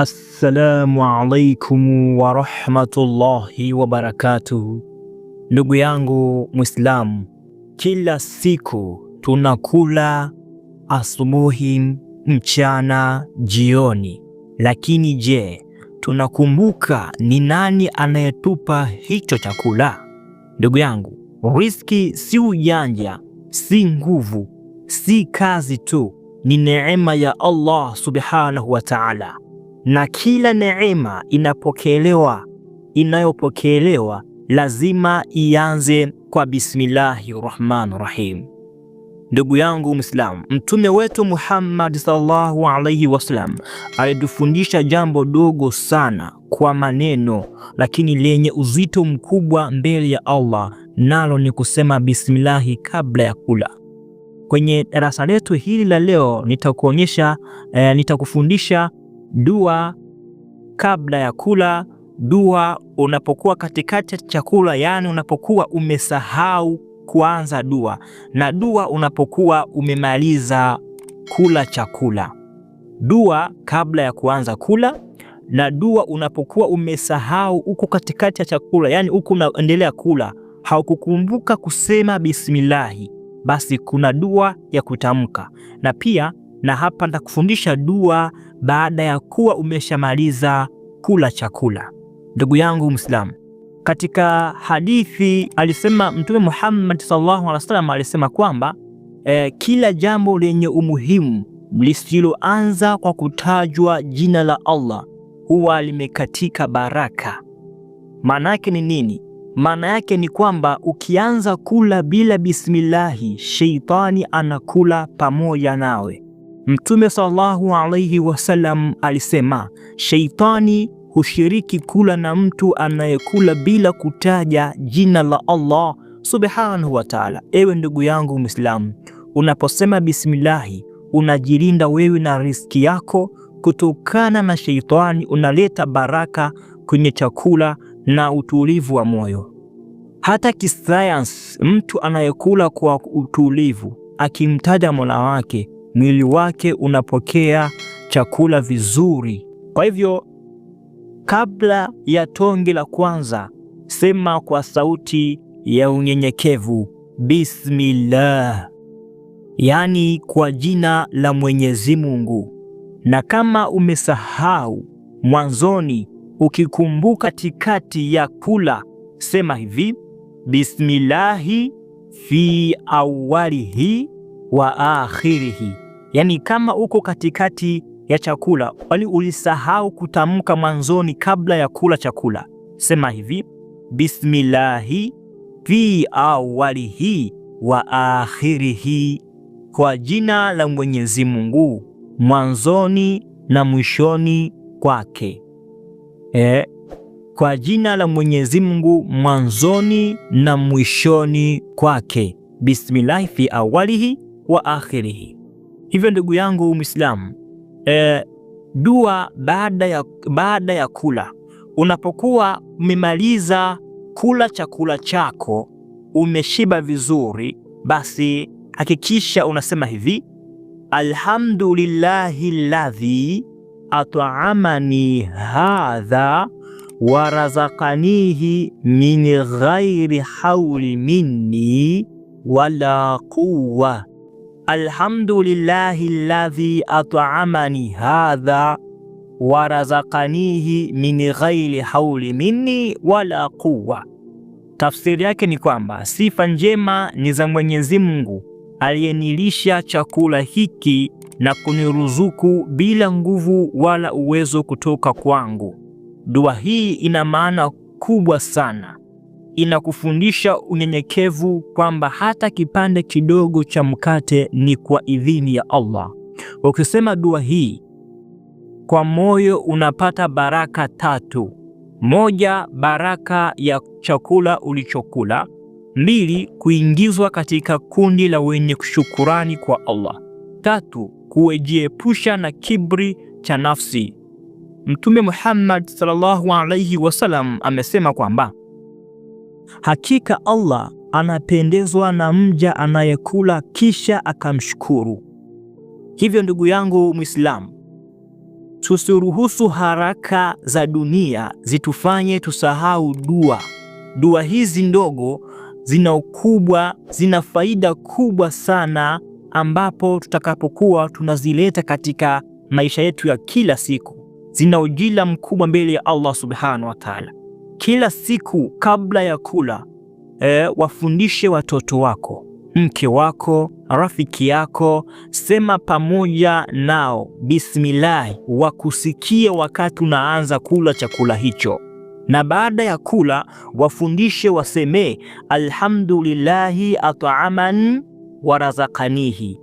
Assalamu alaikum warahmatullahi wabarakatuh. Ndugu yangu Mwislamu, kila siku tunakula asubuhi, mchana, jioni, lakini je, tunakumbuka ni nani anayetupa hicho chakula? Ndugu yangu, riziki si ujanja, si nguvu, si kazi tu, ni neema ya Allah subhanahu wa ta'ala na kila neema inapokelewa inayopokelewa lazima ianze kwa bismillahi rahmani rahim. Ndugu yangu Mwislamu, mtume wetu Muhammad sallallahu alaihi wasallam alitufundisha jambo dogo sana kwa maneno, lakini lenye uzito mkubwa mbele ya Allah, nalo ni kusema bismillahi kabla ya kula. Kwenye darasa letu hili la leo nitakuonyesha eh, nitakufundisha dua kabla ya kula, dua unapokuwa katikati ya chakula, yaani unapokuwa umesahau kuanza dua, na dua unapokuwa umemaliza kula chakula. Dua kabla ya kuanza kula na dua unapokuwa umesahau uko katikati ya chakula, yaani uko unaendelea kula haukukumbuka kusema bismillahi, basi kuna dua ya kutamka na pia na hapa nitakufundisha dua baada ya kuwa umeshamaliza kula chakula. Ndugu yangu Muislamu, katika hadithi alisema Mtume Muhammad sallallahu alaihi wasallam alisema kwamba eh, kila jambo lenye umuhimu lisiloanza kwa kutajwa jina la Allah huwa limekatika baraka. Maana yake ni nini? Maana yake ni kwamba ukianza kula bila bismillahi, sheitani anakula pamoja nawe. Mtume sallallahu alayhi wasallam alisema, sheitani hushiriki kula na mtu anayekula bila kutaja jina la Allah subhanahu wa taala. Ewe ndugu yangu Mwislamu, unaposema bismillahi unajilinda wewe na riski yako kutokana na sheitani, unaleta baraka kwenye chakula na utulivu wa moyo. Hata kisayansi, mtu anayekula kwa utulivu akimtaja mola wake mwili wake unapokea chakula vizuri. Kwa hivyo kabla ya tonge la kwanza, sema kwa sauti ya unyenyekevu bismillah, yaani kwa jina la Mwenyezi Mungu. Na kama umesahau mwanzoni, ukikumbuka katikati ya kula, sema hivi bismillahi fi awwalihi wa akhirihi, yaani kama uko katikati ya chakula wali ulisahau kutamka mwanzoni kabla ya kula chakula, sema hivi bismillahi fi awalihi wa akhirihi, kwa jina la Mwenyezi Mungu mwanzoni na mwishoni kwake. E, kwa jina la Mwenyezi Mungu mwanzoni na mwishoni kwake. Bismillahi fi awalihi wa akhirihi. Hivyo ndugu yangu Muislamu, e, dua baada ya, baada ya kula, unapokuwa umemaliza kula chakula chako umeshiba vizuri, basi hakikisha unasema hivi alhamdulillahi lladhi at'amani hadha wa razaqanihi min ghairi hauli minni wala quwwa alhamdulillahi alladhi at'amani hadha wa razaqanihi min ghairi hauli minni wala quwwa. Tafsiri yake ni kwamba sifa njema ni za Mwenyezi Mungu aliyenilisha chakula hiki na kuniruzuku bila nguvu wala uwezo kutoka kwangu. Dua hii ina maana kubwa sana inakufundisha unyenyekevu, kwamba hata kipande kidogo cha mkate ni kwa idhini ya Allah. Ukisema dua hii kwa moyo, unapata baraka tatu: moja, baraka ya chakula ulichokula; mbili, kuingizwa katika kundi la wenye shukurani kwa Allah; tatu, kuwejiepusha na kibri cha nafsi. Mtume Muhammad sallallahu alaihi wasallam amesema kwamba Hakika Allah anapendezwa na mja anayekula kisha akamshukuru. Hivyo ndugu yangu mwislamu tusiruhusu haraka za dunia zitufanye tusahau dua. Dua hizi ndogo zina ukubwa, zina faida kubwa sana, ambapo tutakapokuwa tunazileta katika maisha yetu ya kila siku, zina ujira mkubwa mbele ya Allah subhanahu wa taala kila siku kabla ya kula e, wafundishe watoto wako, mke wako, rafiki yako, sema pamoja nao bismillah, wakusikie wakati unaanza kula chakula hicho na baada ya kula wafundishe wasemee alhamdulillahi ataaman warazakanihi.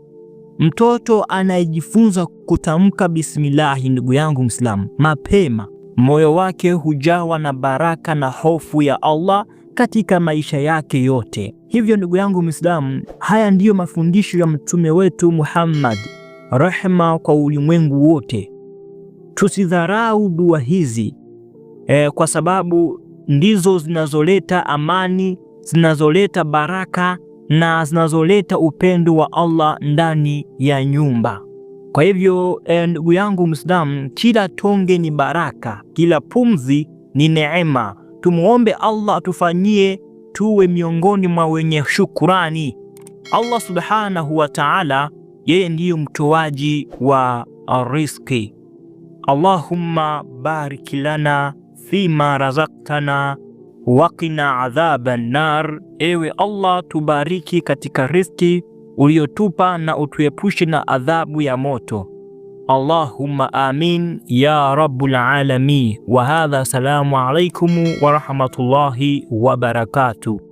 Mtoto anayejifunza kutamka bismillahi, ndugu yangu Mwislamu, mapema moyo wake hujawa na baraka na hofu ya Allah katika maisha yake yote. Hivyo ndugu yangu Muislamu, haya ndiyo mafundisho ya mtume wetu Muhammad, rehma kwa ulimwengu wote. Tusidharau dua hizi e, kwa sababu ndizo zinazoleta amani, zinazoleta baraka na zinazoleta upendo wa Allah ndani ya nyumba. Kwa hivyo eh, ndugu yangu Muislamu, kila tonge ni baraka, kila pumzi ni neema. Tumwombe Allah atufanyie tuwe miongoni mwa wenye shukurani. Allah subhanahu wa ta'ala, yeye ndiyo mtoaji wa riziki. Allahumma barik lana fima razaktana waqina adhaban nar, ewe Allah tubariki katika riziki uliotupa na utuepushe na adhabu ya moto. Allahumma amin ya rabbul alamin. Wa hadha, salamu alaikum wa rahmatullahi wa barakatuh.